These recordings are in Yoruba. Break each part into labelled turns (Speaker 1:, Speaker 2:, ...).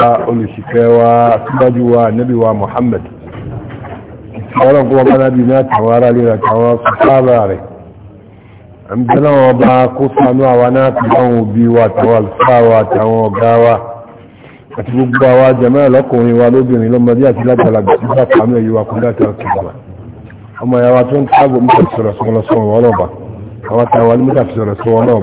Speaker 1: olùsìkẹwà síwájúwà nábíwà Muhammad àwọn kuma bá nábi náà tàwárá lera tàwọn sọ́sára rẹ̀ an bẹ́nà wọn bá kó sánú àwà náà tàwọn òbí wa tàwọn alfáwà tàwọn ọ̀gáwà àti gbogbo àwà jẹ́mẹ́ lọ́kùnrin wa lóbìnrin lọ́mọdé àti lágbàlagbà tí bá tàánú èyí wa kúndà tàwọn kìlọ̀ ọmọ ìyàwó tó ń tàbí mú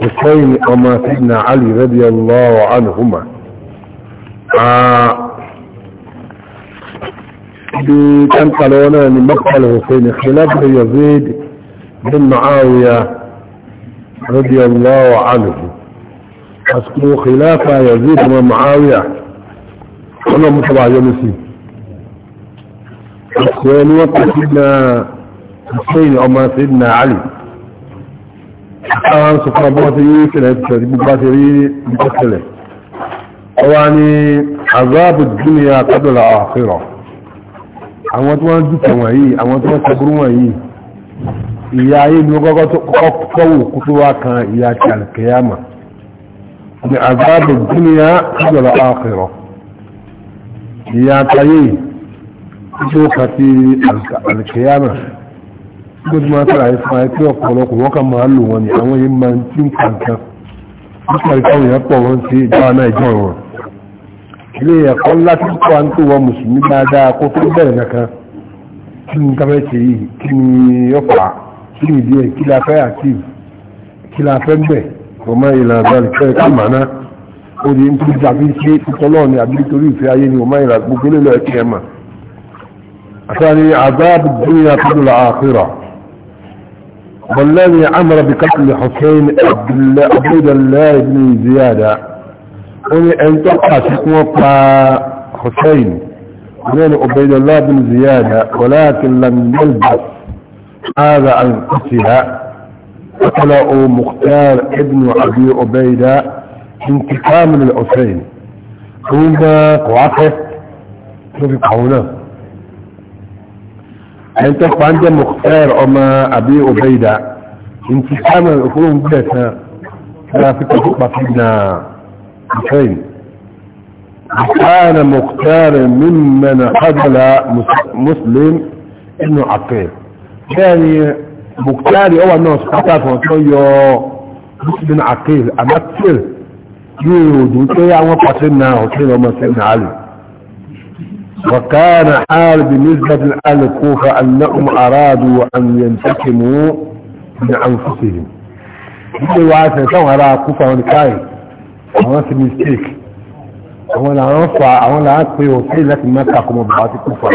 Speaker 1: حسين وما سيدنا علي رضي الله عنهما دي آه، كان قالونا ان مقتل حسين خلاف يزيد بن معاوية رضي الله عنه اسكو خلاف يزيد بن معاوية انا متبع يونسي حسين وقت سيدنا حسين وما سيدنا علي àwọn sọ̀kọ́ bọ́ ti rí ìṣẹ̀lẹ̀ tẹ̀lé gbogbo ti rí ìgbẹ́sẹ̀lẹ̀ ọwá ní azabu dúnìyà kọ́dọ̀lá àfihàn àwọn tí wọ́n dúkẹ̀ wọ̀n yìí àwọn tí wọ́n sọ̀gbọ́n wọ̀n yìí ìyá ayé ni wọ́n kọ́kọ́ wò kú wá kan ìyá kìlàkìyàmà ní azabu dúnìyà kọ́dọ̀lá àfihàn ìyá gbogbo àtàrà ìfà ẹgbẹ́ ọ̀pọ̀lọpọ̀ wọ́n ká máa lò wọ́n ni àwọn yìí máa ń tí ń kàǹkan nítorí káwọn èèyàn pọ̀ wọ́n sí ìjọba náà ìjọ wọn ilé ẹ̀kọ́ ńlá tí kọ́ ń tó wọn mùsùlùmí dáadáa kó tó bẹ̀rẹ̀ nìkan kí ni ká fẹ́ ṣe yìí kí ni ọ̀pá kí ni ìdí ẹ̀ kí la fẹ́ àti kí la fẹ́ bẹ̀ wọ́n máa ìlànà àgbàlẹ̀ kẹ́ ẹ̀ká màná ó di ń tó dàbí ṣe tọ́lọ́ ni àbí بلاني امر بقتل حسين عبد الله عبد الله بن زيادة قولي ان تقع تقوى حسين من عبد الله بن زيادة ولكن لم يلبس هذا عن قتلها قتله مختار ابن ابي عبيدة انتقام للحسين قولنا قعته في قولنا أنت تقوى عند مختار أما أبي عبيدة انتقام الأخوة مجلسة كافة فكرة سيدنا حسين كان مختار ممن قبل مسلم إنه عقيل يعني مختار هو الناس قطعت وطيو مسلم عقيل أما يو دوتي كي عمو قتلنا وكي عمو سيدنا علي وكان حال بالنسبة لأهل الكوفة أنهم أرادوا أن ينتقموا من أنفسهم ilé wa ṣe tán ara kúfà wọn káyì àwọn ti mistake àwọn làwọn fa àwọn làwọn pé òfin láti mẹ́ta kò mọ̀ bàbá ti kúfà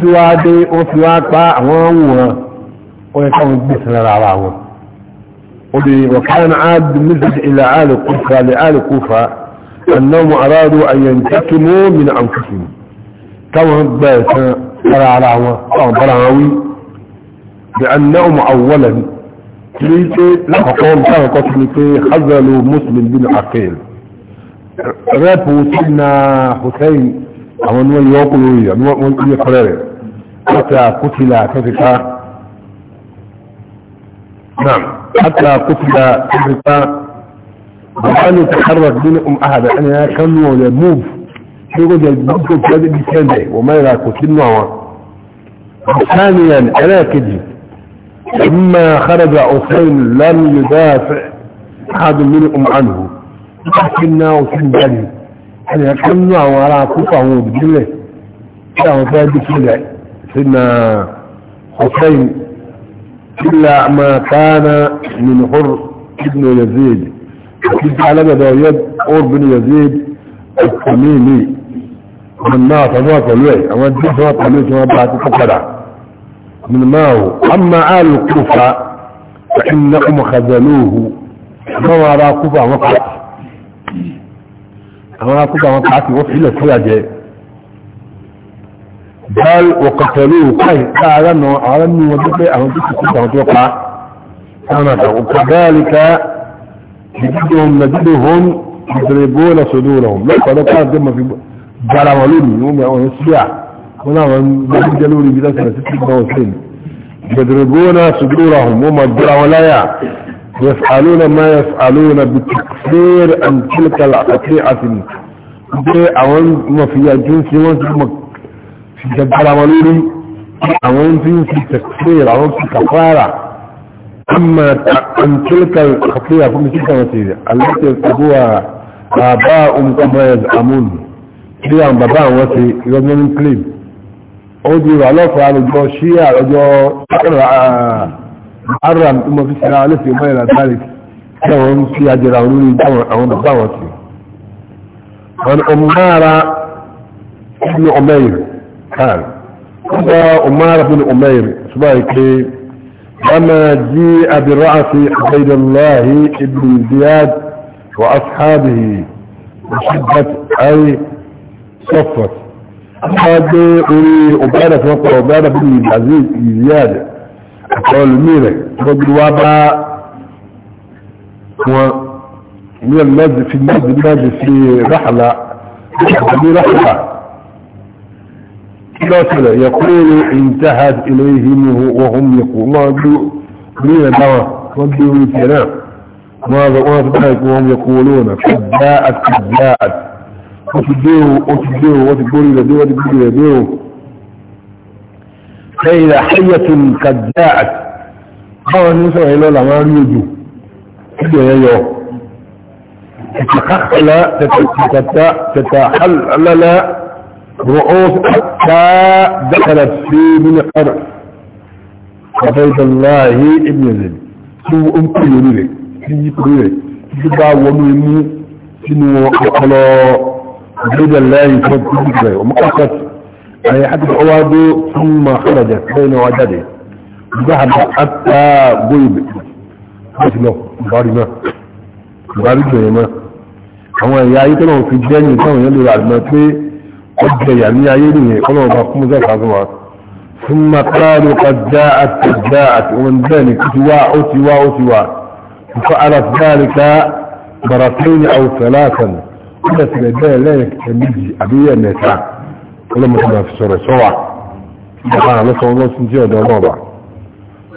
Speaker 1: tí wá dé wọ́n fi wá pa àwọn wòrán wọ́n yẹ káwọn gbé sí lára ara wọn ó di wọ̀kánà á bí mísìlẹ̀ ilẹ̀ àlùkúfà lè àlùkúfà أنهم أرادوا أن ينتقموا من أنفسهم توهم باتا فلا على هوا فلاوي بأنهم أولا تريتي لقوم تغطت لكي حذلوا مسلم بن عقيل رابوا سيدنا حسين أو أمنوا يوقلوا لي أمنوا يوقلوا لي حتى قتل كفتا نعم حتى قتل كفتا وقال يتحرك بينكم احد يعني كانوا يموف يقول يجبكم في هذا الجسد وما يراكوا تنوعوا ثانيا انا كده لما خرج عثيم لم يدافع احد منهم عنه لكنه وسن بني انا كانوا وراكوا فهو كفه بجله في هذا الجسد سيدنا حسين إلا ما كان من حر ابن يزيد على يد اور بن يزيد التميمي من ما فضوات الوي اما فضوات قميت كما بعد تقرع من ما هو اما آل الكوفة فإنهم خذلوه فما را كوفة وقعت فما را كوفة وقعت وفحلة سواجه بل وقتلوه قيه قال انه اعلمني اما اعلنوا اعلنوا ودفعوا ودفعوا
Speaker 2: ودفعوا وقع كذلك
Speaker 1: نجدهم نجدهم يضربون صدورهم لا قد قال دم في جرمالوني يوم يوم السبيع هنا من جلولي بلا سنة ستة يضربون صدورهم وما الجرمالايا يفعلون ما يفعلون بالتكفير عن تلك القطيعة أولا ما في جنسي وانتم في جرمالوني أولا في تكفير أولا في كفارة أما عن تلك الخطيئة فم تلك النتيجة التي ارتبوها آباء كما يزعمون bí àwọn bàbá àwọn ṣe ìrọ́gbọ́n ní claim ó di wà lọ́fà àlùjọ ṣíà àlùjọ aram tí mo fi ṣe ara lẹ́sìn ọmọ ìlà dárí tí àwọn ń fi àjẹrà àwọn orí àwọn bàbá àwọn ṣe wọn ọmọara bí ọmọ ìrì káàrí wọn bá ọmọara bí ọmọ ìrì ṣùgbọ́n àìkè كما جيء برأس عبيد الله بن زياد وأصحابه وشدت أي صفت أحد أولي أبادة وقع أبادة بن العزيز زيادة قال ميرك رجل وابا ومن المسجد في المسجد في رحلة في رحلة لوتلا يقول انتهت إليهم وهم يقولون لين دوا وقلوا لتنا ماذا أصبحت وهم يقولون كباءت كباءت وتديه وتديه وتقول لديه وتقول لديه فإذا حية قد جاءت قال نساء إلى الأمام يجو كده يجو تتقحل تتحلل رؤوس حتى دخلت في من قرع عبيد الله ابن زيد سوء امكي يريد في يريد جدا ومهمي سنو اقلا عبيد الله يفرد بكرة ومقصد اي حد العواد ثم خرجت بين وجده ذهب حتى قيب مثله غارمة غارمة هو يا يتنو في الجنة يتنو يلو العلمات حجة يعني عينيه قالوا ثم قالوا قد جاءت قد جاءت ومن ذلك سواء سواء سواء فعلت ذلك مرتين او ثلاثا كل سنة لا يكتمل ابي النساء ولم كنا في سورة سواء سبحان الله صلى الله عليه وسلم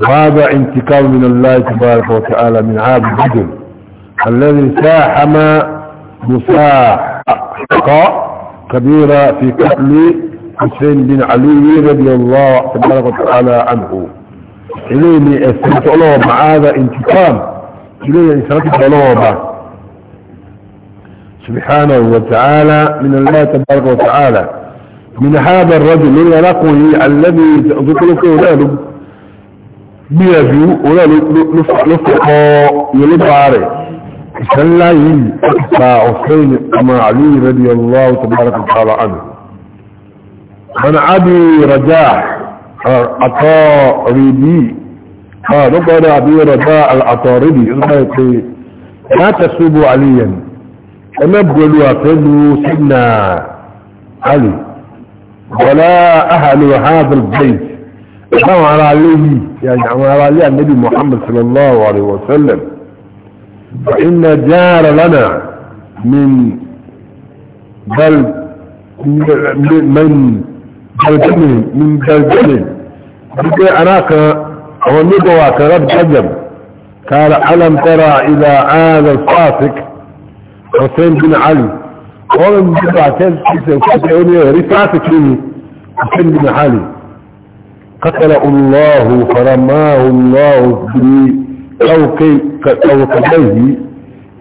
Speaker 1: وهذا انتقام من الله تبارك وتعالى من عاب بدر الذي ساحم مساحقا كبيرة في قتل حسين بن علي رضي الله تبارك وتعالى عنه إليني أسرت الله هذا انتقام إليني أسرت الله سبحانه وتعالى من الله تبارك وتعالى من هذا الرجل من الذي ذكرك أولاده بيجو أولاده لفقه يلبع عليه سلاي أكفى حسين أما علي رضي الله تبارك وتعالى عنه من أبي رجاح عطاء ريدي فنقل أبي رجاء العطاردي إيه، لا تسبوا عليا أما بقلوا فلو سنة علي ولا أهل هذا البيت كما على عليه يعني على عليه النبي محمد صلى الله عليه وسلم فإن جار لنا من بل من بلدنه من بلدنهم بكي أناك ونبوك رب عجب قال ألم ترى إلى هذا الفاسق حسين بن علي قال من جبع كان يقول رفعتك لي حسين بن علي قتل الله فرماه الله بالنسبة كوكي كوكبيه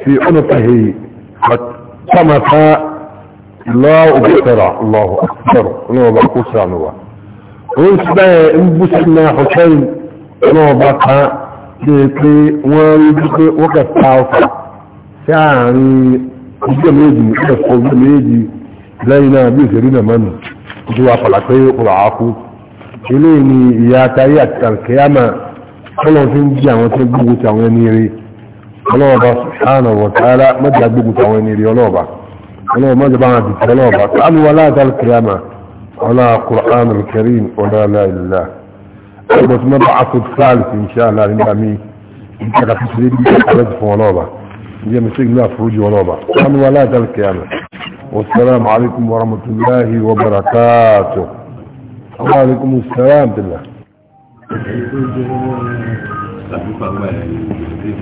Speaker 1: في عنقه قد طمت لا بكرة الله أكبر الله بقوس عنه ونسبة انبسنا حسين الله بقى كيكي وانبقى وكتاوفا يعني قدام يجي قدام يجي لينا بيثرين من قدوا العقيق والعاقوب إليني يا يأتى القيامة kọ́lọ̀ fi ń jí àwọn tí gbogbo ti àwọn ẹni rí ọlọ́ọ̀bá sùhánà wọ̀tàálá mọ́jà gbogbo ti àwọn ẹni rí ọlọ́ọ̀bá ọlọ́ọ̀ mọ́jà bá wọn bìtì ọlọ́ọ̀bá kánú wa láàtà kìlámà ọlá kùrán alkarim ọlá aláìlá ọgbọ̀n tí mọ́bà afọ́t sáàlìsì ń ṣá láàrin dàmí ìtàkà tó ṣeré bí alẹ́ ti fún ọlọ́ọ̀bá ìyẹ́ mi sí ìlú àforójì ètò ìjọba ṣàfihàn àwọn ẹ̀yìn ìgbésẹ̀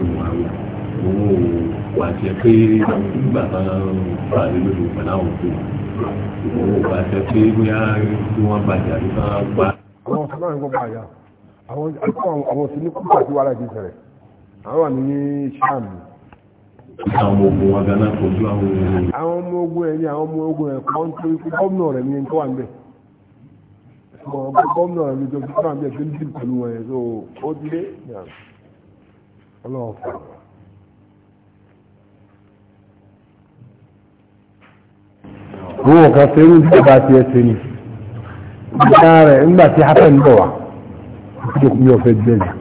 Speaker 1: ìlú àwọn ọmọ ogun ẹni àwọn ọmọ ogun gómìnà mi tó fi fún àmì ẹ̀fín dì pẹ̀lú wọn yẹn so ó dé ọlọ́run fà wá. owó kan ṣe irú ìjọba ti ẹsẹ̀ ni ìgbà rẹ̀ nígbà tí hafẹ́ ń bọ̀ wá ó ọ̀fẹ́ jẹ́jẹ́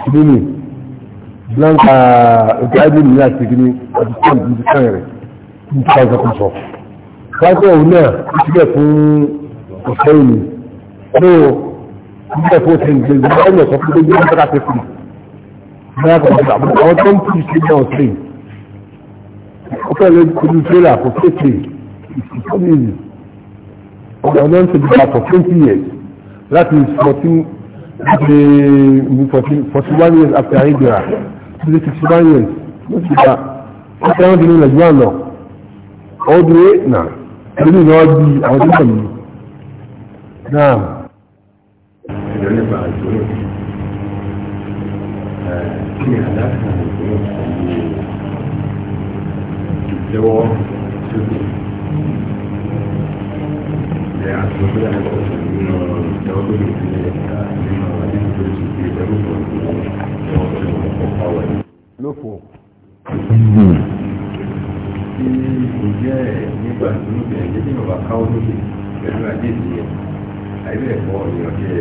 Speaker 1: kíni blanca ìgbàdí mi láti kíni àti stamp ní sàn rẹ̀ ní 2000 kọ̀ọ̀sọ̀. wáyé pé òun náà ó ti bẹ̀ fún ọ̀fẹ́ ìlú tó ilé ẹ̀fọ́ ṣe ń gbé ìgbà ẹ̀yìn ọ̀sọ́ fún gbogbo ẹgbẹ́ ká tẹ́kù bóyá kò gbà bó àwọn tó ń tì sí náà sí ó fẹ́ lé kojú tírélà kò kéèké ìsìnkú ìlú ọ̀gá ọ̀dọ́ ń ṣèjọba for twenty years láti fourteen láti forty one years after hijra to the sixty one years ló ti gbà ó fẹ́ràn dín ní nàìjíríà lọ ọdún náà ẹni náà bí àwọn tó ń bọ̀ nínú náà ẹ̀rọ nípa àjòrò kí ni àdáfà àjòrò pẹ̀lú ìjẹ́wọ́ tí ó ti ẹ̀ àtúntò àjòrò nínú ìjẹ́wọ́ tó lè fi ẹ̀ka nínú àwọn àdéhùn tó ti fi ẹ̀rọ pọ̀ ní tó lè tí kò jẹ́ nígbà tó ń bẹ̀rẹ̀ jẹ́ káwọ́ lókè pẹ̀lú àdéhùn yẹn. ilé ẹ̀kọ́ ìyọ̀jẹ́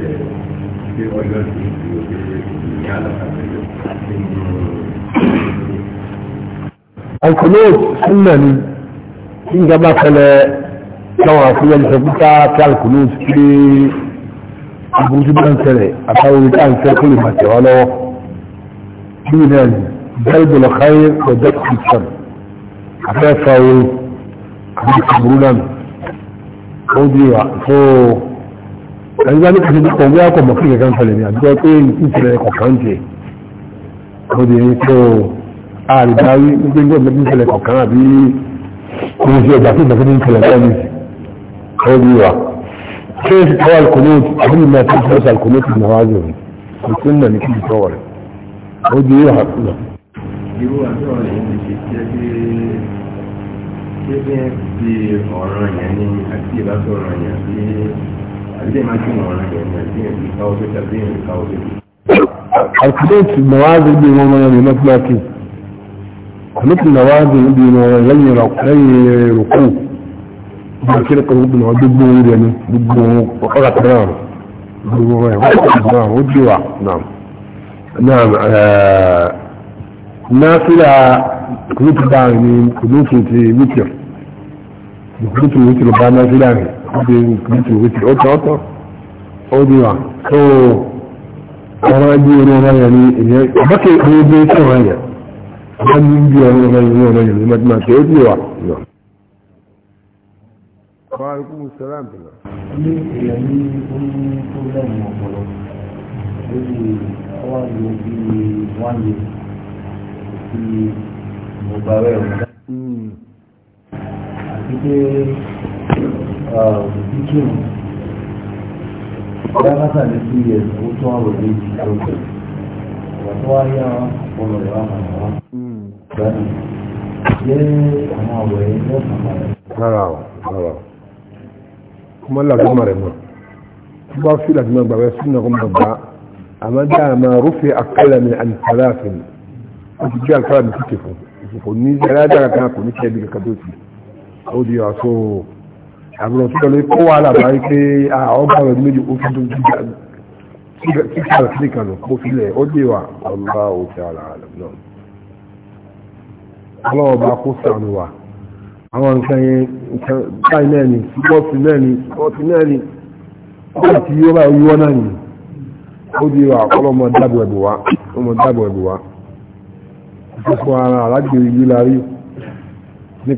Speaker 1: pé ọjọ́ ìdí ìyọ̀jẹ́ ìyá alákàtúntò àti alkunut sunna ni kí n gaba fẹlẹ láwọn àfihàn ní sọgbúta kí alkunut kí aburúkú bá ń ṣẹlẹ̀ àtàwọn orí ká ń fẹ́ kó lè máa tẹ̀wá lọ́wọ́ kí ni náà ni bẹ́ẹ̀dì lọ káyé ọ̀dọ́ kìtàn afẹ́fà orí àti ìṣàbùrú náà ó di wà fún àyíká ní kàṣẹ́ kọ̀ bí akọ̀ mọ̀ fún ìkan kalẹ̀ ní àdúgbò pé ìṣẹ̀lẹ̀ kọ̀kan jẹ́ ọdún yìí tó àrídáwí nígbé ní ọdún ìṣẹ̀lẹ̀ kọ̀kan àbí kò ṣe ọjà fún ìgbàfẹ́ ní ìṣẹ̀lẹ̀ kọ́ni ọdún wa ṣé ìṣẹ̀ tọ́wọ́ alkùnúùtù àbí ìmọ̀ àti ìṣẹ̀lẹ̀ alkùnúùtù ní wá jù kò tún nà ní kí ìṣọ́wọ́ rẹ̀ ọdún yìí wà fún Irú àtúrọ̀ lè ń ṣe jẹ́ pé ṣé bí ọ̀ràn ni الحديث النوازل بي وما يمي مفلاكي مثل النوازل بي وما يغني رقوق بكير قلوب ودبه يعني دبه وقرأ ترام والجوع نعم نعم آه، نافلة كنوت داعمين كنوت وتر كنوت وتر بقى نافلة ọdún ewu kìí tó wípé ọ̀tọ̀ ọ̀tọ̀ ọdún wa tó ọ̀rọ̀ ajé orí ọ̀rọ̀ yẹn ní ìyẹn ọbẹkẹ ìwé bí ó sọ̀rọ̀ yẹn ọba ní bí ọ̀rọ̀ ọ̀rọ̀ yẹn ní ọ̀rọ̀ yẹn ní mọtìmọ àti ọdún wa lọ. ọba ikú sẹlẹm àti pé kíkìrù dákàtà ní sí iye ó tún àwọ̀ ní ìṣòro ìgbà tó wá yá ọpọlọ rẹ̀ wà máa wá gbani hmm. yé àwọn àwọ̀ ẹ̀ ní ọ̀sán rẹ̀. rárá o rárá o kó má làgbọ́n mọ̀ rẹ̀ mọ̀ tó fi làgbọ́n gbà bẹ́ẹ̀ sínú ọkọ̀ mọ̀ gbà àmọ́ dáa máa rúfin akálẹ̀ mi àti sàláàfin ó ti jẹ́ àlùfáà mi kíkè fún kan kò ní kẹ́ bí ti ó di àṣọ àbúrò tó lè kó wà lábá rí pé ọgbà rẹ̀ méjì ó fi dùn jíjà síkà rẹ̀ síkà nù kó filẹ̀ ó dé wà ọlọ́wà òkè àlà náà ọlọ́wọ́ bá kó sànù wà àwọn nǹkan yẹn báyìí báyìí náà ni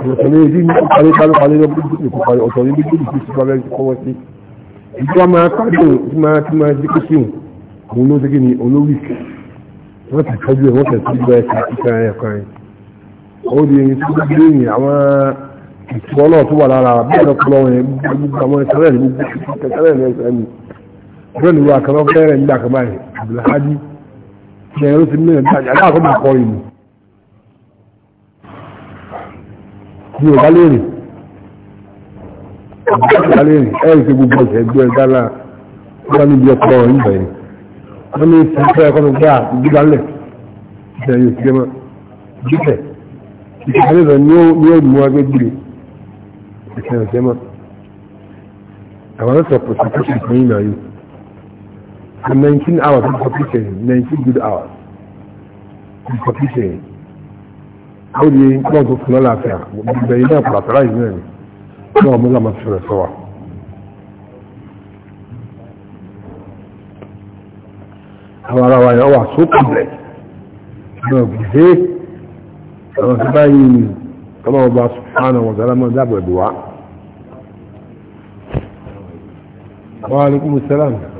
Speaker 1: ọ̀sẹ̀ yìí ní ìparí parí parí lọ bí ìkó parí ọ̀sẹ̀ yìí bí ìkó sí parí kọ́wọ́ sí ìjọ máa kájọ tí máa tí máa ṣe kókè òun ló dégé ní olówì wọ́n ti tọ́jú ẹ̀ wọ́n tẹ̀ sí ìgbà ẹ̀ka ìka ẹ̀ka ẹ̀ ó di ẹni tó gbé ní àwọn ìtú ọlọ́ọ̀ tó wà lára bí ẹ̀rọ kọlọ yẹn gbogbo àwọn ìtẹ́lẹ̀ ní gbogbo ìtẹ́lẹ̀ ní ẹ̀sẹ̀ mi bẹ́ẹ̀ ni wọ́n àkàmọ́ fẹ́rẹ̀ nígbà kan báyìí Abdulhadi ṣe ẹ̀rọ ti mẹ́rin dájà aláàkọ́ máa kọ́ ìlú ní ọ̀gá lérè ọ̀gá lérè ẹ̀rì pé gbogbo ọ̀sẹ̀ ẹgbẹ́ ẹ̀dá náà wọ́n níbi ọkọ̀ ìgbà yìí wọ́n ní ìfẹ́ ẹ̀kọ́ tó gbà gbígbálẹ̀ ìṣẹ̀ yóò jíṣẹ̀ ìṣẹ̀lẹ̀ ní ó mú agbẹ́ gbìrì ìṣẹ̀ yóò 19 hours in competition 19 good hours in competition ó di náà tó fún lálàáfíà gbogbo ẹ̀yìn náà pàtàkì láì náà ni náà mú lámà fi rẹ̀ sọ wa. àwọn ara wa yẹn wà sókè bẹ̀ náà gbèsè àwọn tó báyìí ni kọ́mọ ọba sùfàánà wọn sára mọ́ dábọ̀ ẹ̀dùn wa. wa alaikum salaam.